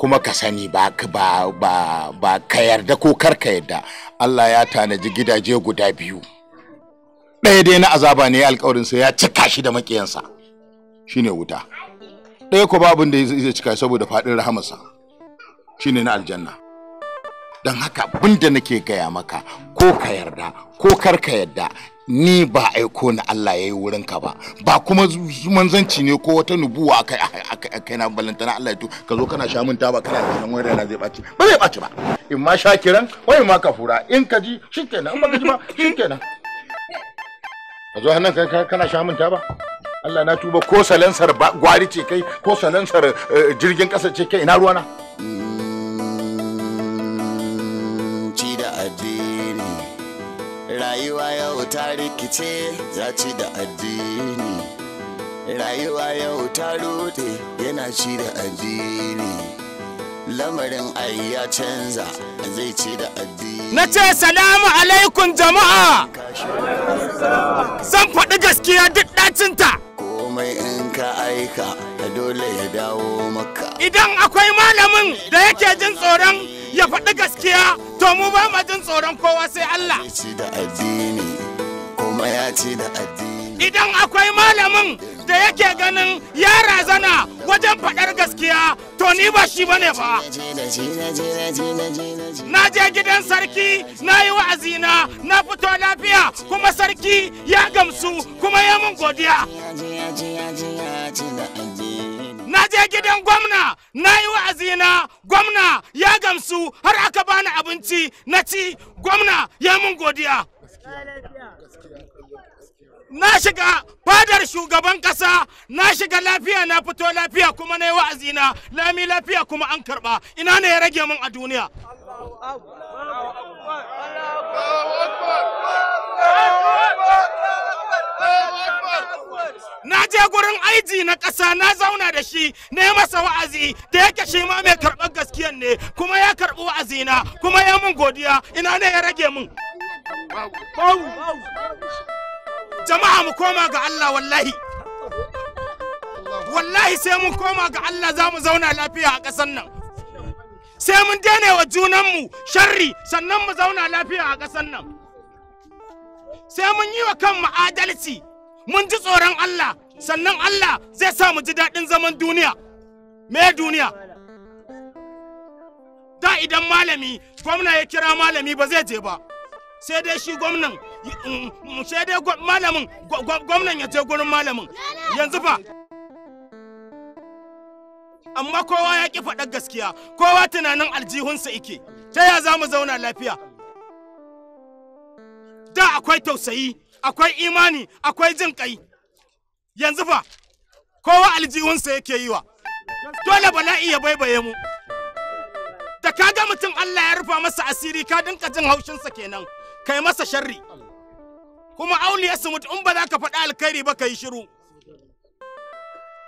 S2: kuma ka sani ba ba ba ka yarda ko kar ka yarda Allah ya tanaji gidaje guda biyu ɗaya dai na azaba ne alƙawarin sa ya cika shi da makiyansa shine wuta ɗaya ko babu da zai cika saboda faɗin rahamarsa shine na aljanna don haka bunda nake gaya maka ko ka yarda ko kar ka yarda ni ba aiko na Allah ya yi wurin ka ba ba kuma manzanci ne ko wata nubuwa a kai na balantana Allah ya to ka zo kana sha minta ba kana ganin wani rana zai ɓaci ba zai ɓaci ba in ma sha kiran wai ma ka fura in ka ji shikenan in ba ka ji ba shikenan ka zo hannun kai kana sha minta ba Allah na tuba ko salansar gwari ce kai ko salansar eh, jirgin ƙasa ce kai ina ruwana.
S1: rayuwa yau ta rikice ci da addini rayuwa yau ta rute yana ci da addini lamarin ai ya canza zai ci da
S6: addini na ce salamu alaikum jama'a zan faɗi gaskiya duk ɗacinta
S1: komai in ka aika da dole ya dawo maka
S6: idan akwai malamin da yake jin tsoron ya faɗi gaskiya to mu ba ma jin tsoron kowa sai Allah
S1: ya ci da addini kuma ya ci da
S6: addini idan akwai malamin da yake ganin ya razana wajen faɗar gaskiya to ni ba shi bane ba na je gidan sarki na yi wa'azina na fito lafiya kuma sarki ya gamsu kuma ya mun godiya na je gidan gwamna na yi wa'azina gwamna ya gamsu har aka bani abinci na ci gwamna ya mun godiya na shiga fadar shugaban kasa na shiga lafiya na fito lafiya kuma na yi wa'azina lami lafiya kuma an karba ina ne ya rage min a duniya na je gurin aiji na ƙasa na zauna da shi na masa wa'azi da yake shi ma mai karɓar gaskiyan ne kuma ya karɓi wa'azina kuma ya mun godiya ina ne ya rage min. jama'a mu koma ga Allah wallahi wallahi sai mu koma ga Allah za mu zauna lafiya a ƙasar nan sai mun daina wa junanmu sharri sannan mu zauna lafiya a ƙasar nan sai mun yi wa kanmu adalci mun ji tsoron Allah sannan Allah zai sa mu ji daɗin zaman duniya me duniya da idan malami gwamna ya kira malami ba zai je ba sai dai shi gwamnan Mm, sai dai malamin gwamnan ya je gurin malamin yanzu fa amma kowa ya ƙi faɗar gaskiya kowa tunanin aljihunsa ike ta ya za mu zauna lafiya da akwai tausayi akwai imani akwai jin ƙai yanzu fa kowa aljihunsa yake yi wa dole bala'i ya baibaye mu da ka ga mutum Allah ya rufa masa asiri ka dinka jin haushinsa kenan kai masa sharri kuma auliyar su mutu in ba za ka faɗi alkhairi ba ka yi shiru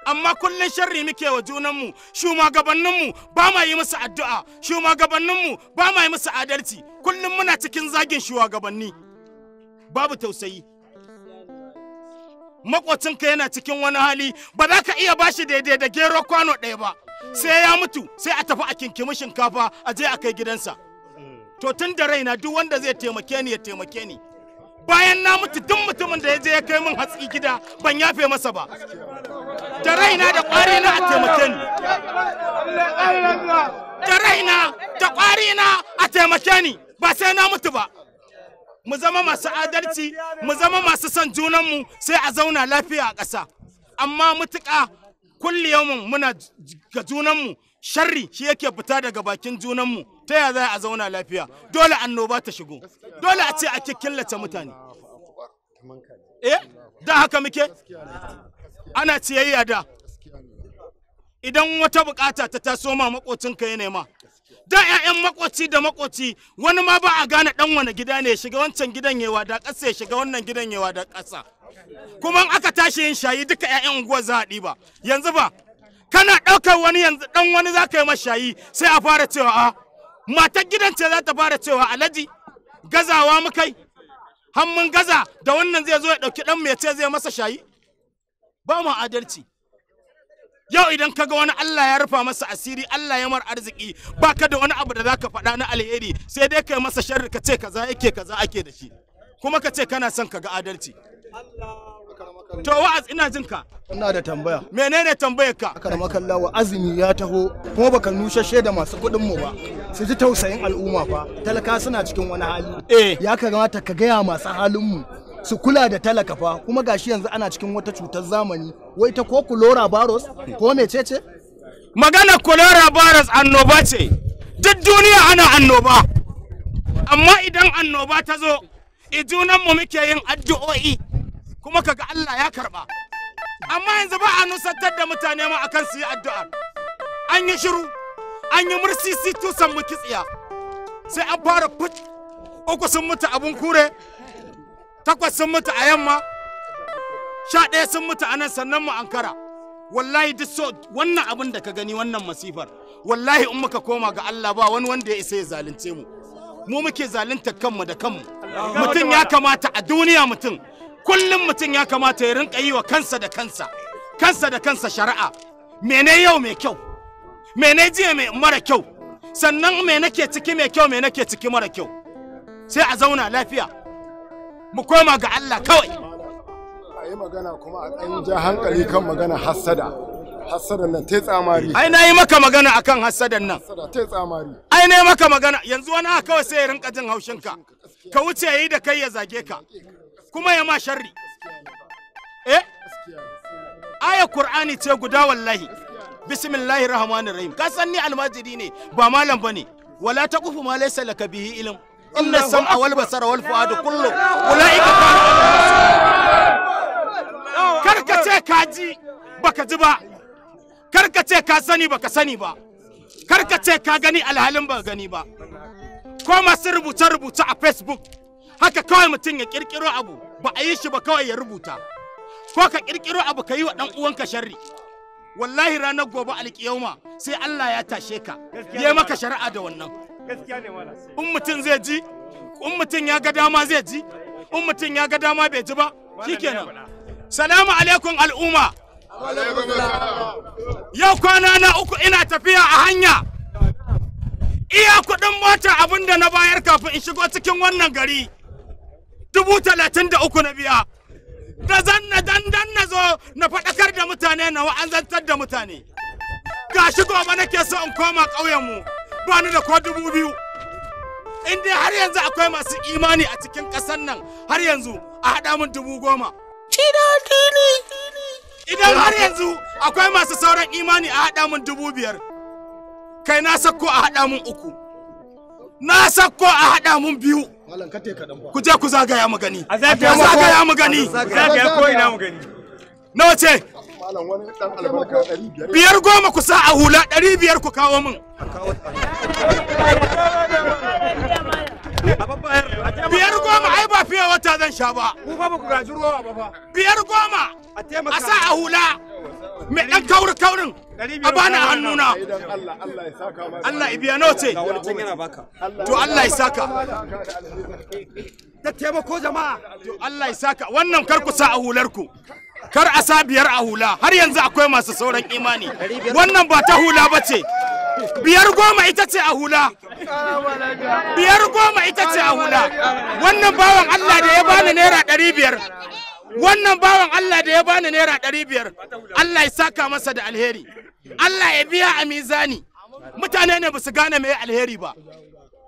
S6: amma kullum sharri muke wa junanmu shugabanninmu ba ma yi musu addu'a shugabanninmu ba ma yi musu adalci kullum muna cikin zagin shugabanni babu tausayi Maƙocinka yana cikin wani hali ba za ka iya bashi daidai da gero kwano ɗaya ba sai ya mutu sai a tafi a kinkimi shinkafa a je a kai gidansa to tun da raina duk wanda zai taimake ni ya taimake ni bayan na mutu duk mutumin da ya je ya kai min hatsi gida ban yafe masa ba da raina da kwari na a taimake ni da raina da kwari na a taimake ni ba sai na mutu ba mu zama masu adalci mu zama masu son junanmu sai a zauna lafiya a ƙasa amma mutuƙa kulliyamin muna ga junanmu sharri shi yake fita daga bakin junanmu ta ya za a zauna lafiya dole annoba ta shigo dole a ce a killace mutane eh da haka muke ana ciyayya da idan wata bukata ta taso ma makocinka ya nema da 'ya'yan makoci da makoci wani ma ba a gane dan wani gida ne shiga wancan gidan yawa da ƙasa ya shiga wannan gidan yawa da ƙasa kuma aka tashi yin shayi duka 'ya'yan unguwar za a ɗiba yanzu ba kana ɗaukar wani yanzu dan wani za ka yi mashayi sai a fara cewa a ah, matar gidan ce za ta fara cewa alaji gazawa mu kai mun gaza da wannan zai zo ya ɗauki dan mai ce zai masa shayi ba mu adalci yau idan kaga wani Allah ya rufa masa asiri Allah ya mar arziki baka da wani abu da zaka faɗa na alheri sai dai kai masa sharri kace kaza yake kaza ake da shi kuma ka ce kana son kaga adalci Allah To wa'az ina jin Ina da tambaya. Menene tambayar ka? Karama kalla wa azumi ya taho kuma baka nusha da masu kuɗin mu ba. Su ji tausayin al'umma fa. Talaka suna cikin wani hali. Eh. Ya kamata ka gaya masu halin mu. Su kula da talaka fa kuma gashi yanzu ana cikin wata cutar zamani. Wai ta ko kulora baros ko mecece? Magana kulora baros annoba ce. Duk duniya ana annoba. Amma idan annoba ta zo, ijunan mu muke yin addu'o'i kuma kaga Allah ya karba amma yanzu ba a nusantar da mutane ma akan su yi addu'a an yi shiru an yi mursisi tusan mu kitsiya sai an fara put uku sun mutu abun kure takwas sun mutu a yamma sha ɗaya sun mutu a nan sannan mu ankara wallahi duk so wannan abin da ka gani wannan masifar wallahi in muka koma ga Allah ba wani wanda ya isa ya zalunce mu mu muke zalunta kanmu da kanmu mutum ya kamata a duniya mutum kullum mutum ya kamata ya rinka yi wa kansa da kansa kansa da kansa shari'a mene yau mai kyau mene jiya mai mara kyau sannan me nake ciki mai kyau me nake ciki mara kyau sai a zauna lafiya mu koma ga Allah kawai
S2: a yi magana kuma a ɗan ja hankali kan magana hassada hassadan nan tai tsamari
S6: ai na yi maka magana akan hassadan nan tai tsamari ai na yi maka magana yanzu wani kawai sai ya rinka jin haushinka ka wuce yi da kai ya zage ka kuma ya ma sharri eh aya qur'ani ce guda wallahi bismillahir rahmanir rahim ka san ni almajiri ne ba malam bane wala ta taqufu ma laysa laka bihi ilm inna sam'a wal basara wal fu'ada kullu ulaika kana karka ce ka ji baka ji ba karka ce ka sani baka sani ba karka ce ka gani alhalin ba gani ba ko masu rubuce-rubuce a facebook haka kawai mutum ya kirkiro abu ba a yi shi ba kawai ya rubuta ko ka kirkiro abu ka yi wa dan uwanka sharri wallahi ranar gobe alƙiyama sai Allah ya tashe ka ya maka shari'a da wannan in mutum zai ji in mutum ya ga dama zai ji in mutum ya ga dama bai ji ba shikenan salamu alaikum al'umma yau kwana na uku ina tafiya a hanya iya kuɗin mota abinda na bayar kafin in shigo cikin wannan gari dubu talatin da uku na biya da zan na dandan na zo na faɗakar da mutane na wa'azantar da mutane Ga shi gobe nake so in koma ƙauyenmu ba ni da ko dubu biyu in dai har yanzu akwai masu imani a cikin ƙasar nan har yanzu a haɗa min dubu goma idan har yanzu akwai masu sauran imani a haɗa min dubu biyar kai na sakko a haɗa min uku na sakko a haɗa min biyu ku je ku zagaya mu gani a zagaya mu gani zagaya ko ina mu gani nawa ce
S8: biyar goma ku sa a
S6: hula ɗari biyar ku kawo min biyar goma ai ba fiye wata zan sha ba biyar goma a sa a hula mai ɗan kaurin kaurin a bani a hannuna Allah ibiya nawa ce to Allah ya saka da taimako jama'a to Allah ya saka wannan kar ku sa a hularku kar a sa biyar a hula har yanzu akwai masu sauran imani wannan ba ta hula ba ce biyar goma ita ce a hula biyar goma ita ce a hula wannan bawan Allah da ya bani naira ɗari biyar wannan bawan Allah da ya bani naira ɗari biyar Allah ya saka masa da alheri Allah ya biya a mizani mutane ne basu gane mai alheri ba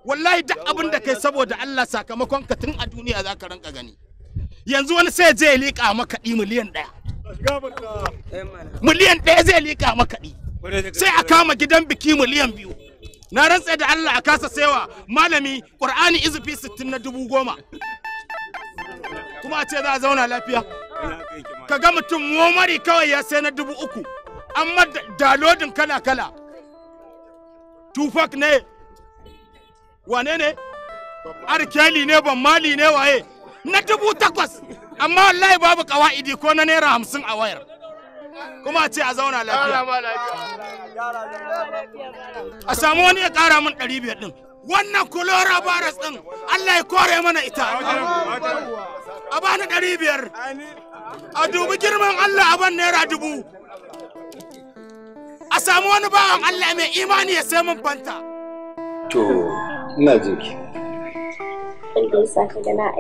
S6: wallahi duk abin da kai saboda Allah sakamakon ka tun a duniya za ka ranka gani yanzu wani sai zai liƙa makaɗi miliyan ɗaya miliyan ɗaya zai liƙa makaɗi sai a kama gidan biki miliyan biyu na rantse da Allah a kasa wa malami ƙur'ani izufi sittin na dubu goma kuma a ce za a zauna lafiya ka ga mutum momari kawai ya sai na dubu uku amma dalodin kala kala tufak ne wane ne arkeli ne ban mali ne waye na dubu takwas amma wallahi babu kawa'idi ko na naira hamsin a wayar kuma ce a zauna lafiya
S3: a samu wani ya kara
S6: min ɗari biyar ɗin wannan kulora virus" din Allah ya kore mana ita a bani ɗari biyar a dubi girman Allah a ban naira dubu a samu wani bawan Allah mai imani ya sai mun fanta
S4: to ina jin ki
S9: ba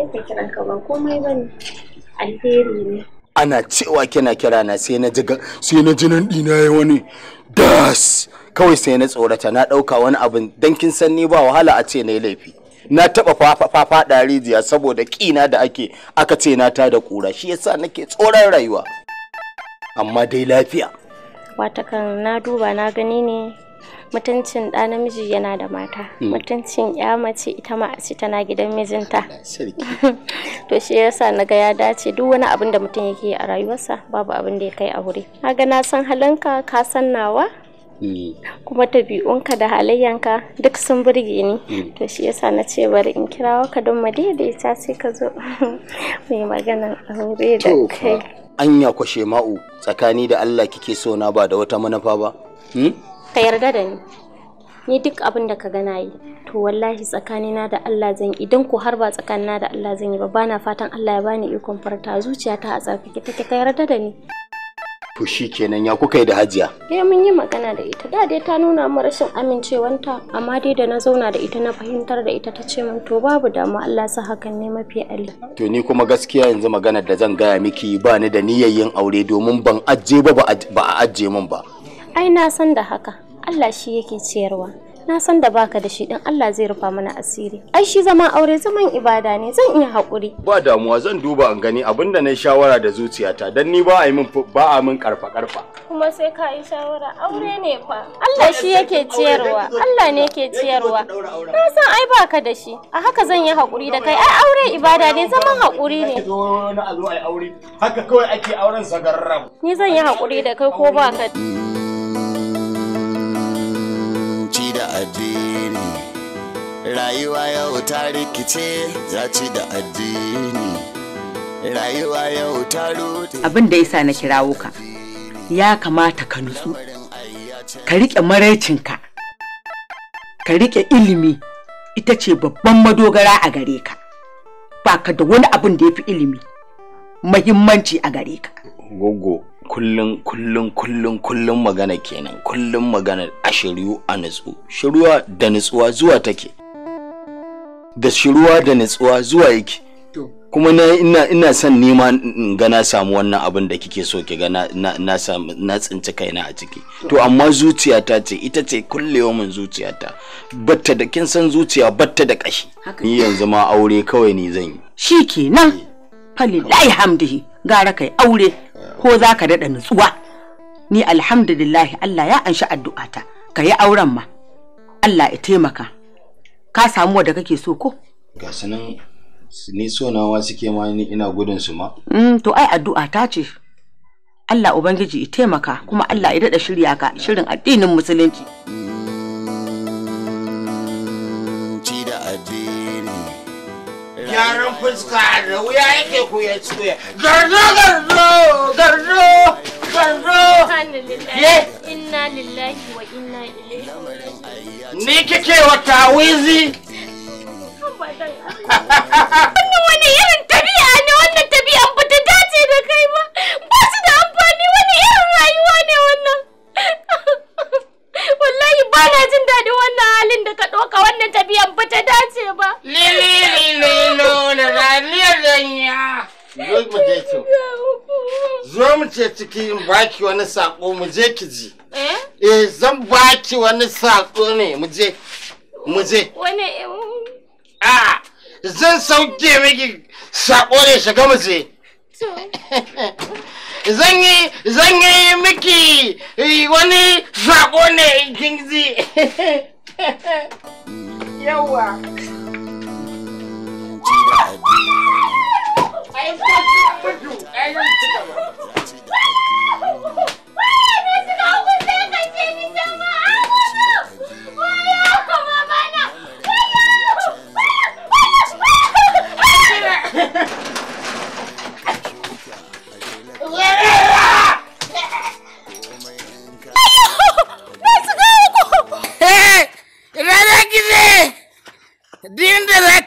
S9: ne
S6: ana cewa kina kira na sai na ji nan dina ya wani das kawai sai na tsorata na ɗauka wani abin don kin san ni ba wahala a ce na laifi na taɓa fafaɗa rijiya saboda ƙina da ake aka ce na ta da ƙura shi yasa nake tsoron rayuwa amma dai lafiya
S9: watakan na duba na gani ne mutuncin ɗa namiji yana da mata hmm. mutuncin ya mace ita ma ce tana gidan mijinta to shi yasa na ga ya dace duk wani abin da mutum yake a rayuwarsa babu abin da ya kai aure kaga na san halinka ka san nawa hmm. kuma tabi'unka da halayyanka duk sun burge ni hmm. to shi yasa na ce bari in kirawa ka don madaidaita sai ka zo mai a aure da kai
S6: anya kwashe ma'u tsakani da Allah kike so na ba da wata manufa ba
S9: ka yarda da ni ni duk abin da ka ga yi to wallahi tsakanina da Allah zan yi idan ko har ba tsakanina da Allah zan yi ba bana fatan Allah ya bani ikon farta ta a tsarkake take ka yarda da ni
S6: to kenan ya kuka yi da hajiya
S9: eh mun yi magana da ita da dai ta nuna min rashin amincewanta amma dai da na zauna da ita na fahimtar da ita ta ce min to babu damu Allah sa hakan ne mafi ali
S6: to ni kuma gaskiya yanzu maganar da zan gaya miki ba ni da niyyar yin aure domin ban ajje ba ba a ajje min ba
S9: ai na san da haka Allah shi yake ciyarwa na san da baka da shi din Allah zai rufa mana asiri ai shi zaman aure zaman ibada ne zan iya haƙuri
S6: ba damuwa zan duba an gani abinda na shawara da zuciyata dan ni ba a yi min ba a min karfa karfa
S9: kuma sai ka yi shawara aure ne fa
S6: Allah shi yake ciyarwa Allah ne yake ciyarwa
S9: na san ai baka da shi a haka zan yi haƙuri da kai ai aure ibada ne zaman haƙuri ne
S6: na a zo ai aure haka
S8: kawai ake auren sagarram
S9: ni zan yi haƙuri da kai ko baka da shi.
S1: addini rayuwa yau ta rikice ci da addini rayuwa yau ta rute
S5: abin da yasa na kirawo ka ya kamata ka nutsu ka rike maraicinka ka rike ilimi ita ce babban madogara a gare ka ba ka da wani abin da ya fi ilimi mahimmanci a
S6: gare ka. Gogo, kullum kullum kullum kullum magana kenan kullum magana a shiru a nutsu shiruwa da nutsuwa zuwa take da shiruwa da nutsuwa zuwa yake kuma na ina ina son nema in ga na samu wannan abin da kike so ki ga na na samu na tsinci kaina a ciki to amma zuciyata ce ita ce kullewa zuciyata batta da kin san zuciya batta da kashi ni yanzu ma aure kawai ni zan yi shikenan lillahi hamdihi gara kai
S5: aure ko za ka daɗa nutsuwa ni alhamdulillahi Allah ya anshi addu'ata ka yi auren ma Allah ya taimaka ka samu wadda kake so ko
S2: ga sanan ni sonawa suke ma ni ina gudun su ma
S5: mm, to ai addu'a ta ce Allah ubangiji ya taimaka kuma Allah ya daɗa shirya ka shirin addinin
S1: musulunci ci da addini gyaran
S2: fuska da wuya yake kuya tsuya garzo garzo
S6: garzo
S9: garzo inna lillahi wa inna ilaihi ni kike wa tawizi wannan wani irin tabi'a ne wannan tabi'an ba ta dace da kai
S8: ba ba
S9: su da amfani wani irin rayuwa ne wannan wallahi ba na jin daɗin wannan halin da ka ɗauka wannan tabi'an ba ta dace ba lili
S6: wuce cikin baki wani sako mu je ki ji. Eh? Eh zan baki wani sako ne mu je. Mu je.
S9: Wani eh, mm.
S6: Ah, zan sauke miki sako ne shiga mu je. Zan yi zan yi miki eh, wani sako ne kin ji. Yawa.
S1: ai,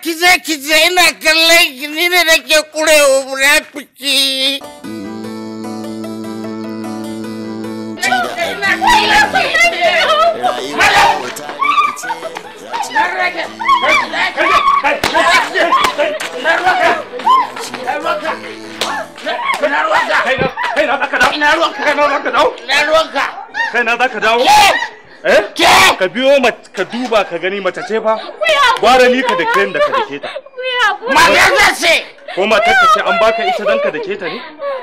S2: kize kize ina kallon ki ni ne nake kurewa aqui.
S7: kaina za ka dawo? Eh? Ka biyo ka duba ka gani mace ce fa? Gwara ni ka da da ka dake ta.
S9: Ma ya ce?
S7: ko matar ka ce an baka ita danka da dake ta ne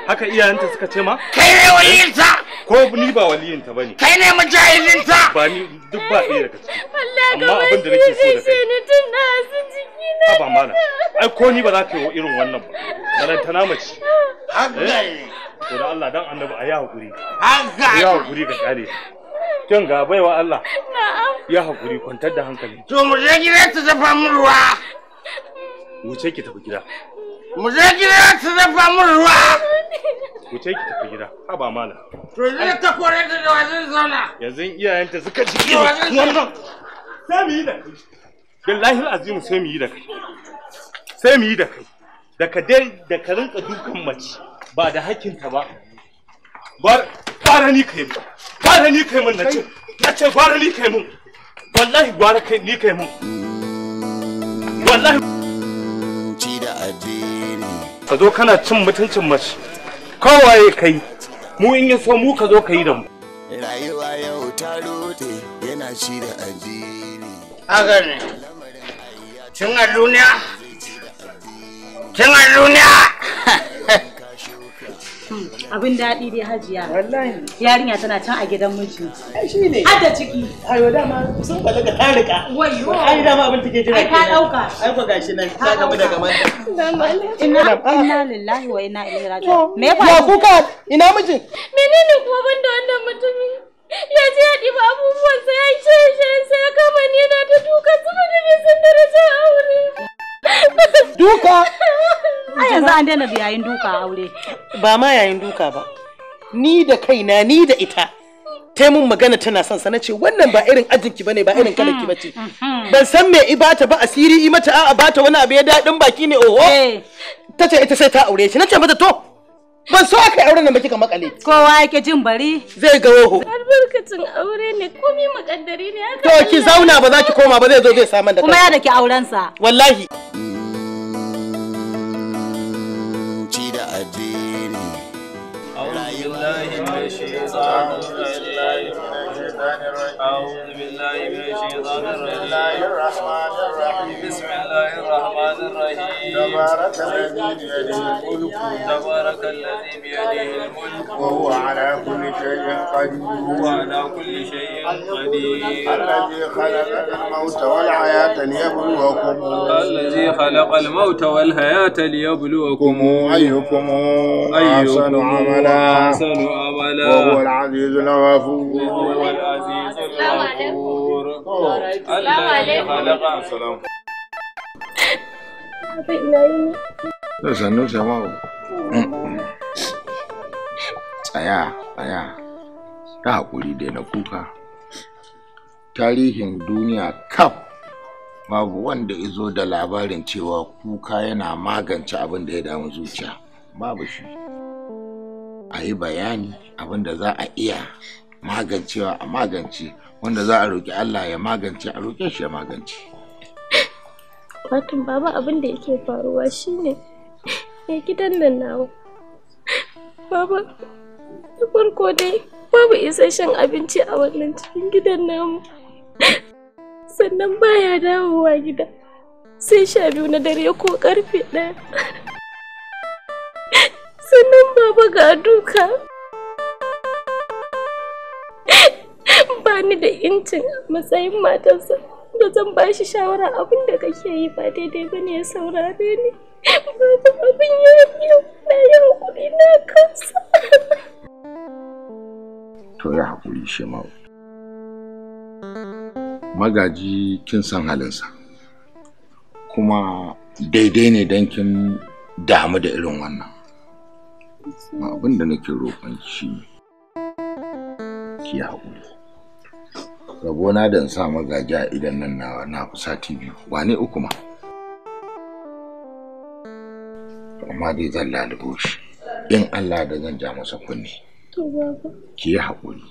S7: haka iyayenta suka ce ma kai ne
S9: waliyinta
S7: ko ni ba waliyinta bane kai ne mujahilinta ba ni duk ba ɗaya daga
S9: ciki amma abin da nake so da kai ni tun na su jiki
S7: ba mala ai ko ni ba za ka yi irin wannan ba balanta na mace hagai eh? to da Allah dan annabi a ayi hakuri hagai ayi hakuri ka kare kin ga baiwa Allah ya hakuri kwantar da hankali
S6: to mu je gidan ta zafa mu ruwa
S7: wuce ki tafi gida Mu je
S6: gida ta dafa mun ruwa.
S7: Ku ce ki tafi gida. Ha ba mala.
S6: To zai ta kore ta da wajen zauna.
S7: Yanzu iyayenta suka ji ki wannan. Sai mu yi da kai. Billahi azimu sai mu yi da kai. Sai mu yi da kai. Da ka dai da ka rinka dukan mace ba da hakinta ba. Bar bara ni kai mun. Bara ni kai mun nace. Nace bara ni kai mun. Wallahi gwara kai ni kai mun. Wallahi ci da addini ka zo kana cin mutuncin mace kowaye kai mu in yi so mu ka zo ka yi da mu
S1: rayuwa yau ta rute yana ci da ajiri agane cin a duniya
S6: cin a duniya
S5: abin daɗi dai hajiya wallahi yarinya tana can a gidan miji ai shi ne har da
S6: ciki ayo dama sun balaga ta rika wayo ai dama abin take jira ai ka dauka ai ko gashi nan ta gamu da gaman
S5: ina inna lillahi wa inna ilaihi raji'un me ya faru ya kuka ina mijin menene kuma da wannan mutumin ya ji ya ɗiba abubuwan
S9: sai ya yi shayin sai ya kama ni yana ta duka zuba da bai da darajar aure
S5: duka Ai yanzu an daina da yayin duka aure.
S6: Ba ma yayin duka ba. Ni da kaina ni da ita. Ta mun magana tana son sana ce wannan ba irin ajinki bane ba irin kalarki bace.
S3: Mm-hmm, mm-hmm. Ban
S6: san me i bata ba asiri i mata a'a bata wani abu ya dadin baki ne oho. Eh. Ta ce ita sai ta aure shi nace mata to ban so
S5: aka auren nan ba kika makale kowa yake jin bari zai ga woho
S9: albarkacin aure ne komai
S5: makaddari ne to ki
S6: zauna ba za ki koma ba zai zo zai saman da kuma
S5: ya da ki auren sa
S6: wallahi
S1: بالله من الشيطان الرجيم الشيطان الرجيم أعوذ بالله من
S2: الشيطان الرجيم بسم
S9: الله الرحمن
S2: الرحيم تبارك الذي بيده الملك تبارك الذي بيده الملك وهو على كل شيء قدير وهو على كل شيء قدير الذي خلق الموت والحياة ليبلوكم الذي خلق الموت والحياة ليبلوكم أيكم
S1: أيكم أحسن عملا أحسن
S2: عملا وهو العزيز الغفور العزيز الغفور الذي خلق da ta haƙuri da na kuka tarihin duniya kaf babu wanda izo da labarin cewa kuka yana magance abin da ya damu zuciya babu shi a yi bayani abin da za a iya magancewa a magance wanda za a roƙi Allah ya magance a roƙe shi ya magance
S9: watan baba abin da yake faruwa shine ya gidan nan nawa baba da farko dai babu isasshen abinci a wannan cikin gidan namu sannan baya dawowa gida sai sha biyu na dare ko karfe ɗaya sannan baba ga duka bani da incin matsayin matarsa da zan ba shi shawara abin da kake yi ba daidai ba ne ya saurare ni ba ta abin ya biyu na yi hakuri na kansa
S2: to ya hakuri shi ma magaji kin san halinsa kuma daidai ne don kin damu da irin wannan abin da nake roƙon shi ki haƙuri rabona da in sa magaji a idan nan nawa na kusa tv wane uku ma amma dai zan lalubo shi in allah da zan ja masa kunne ki yi haƙuri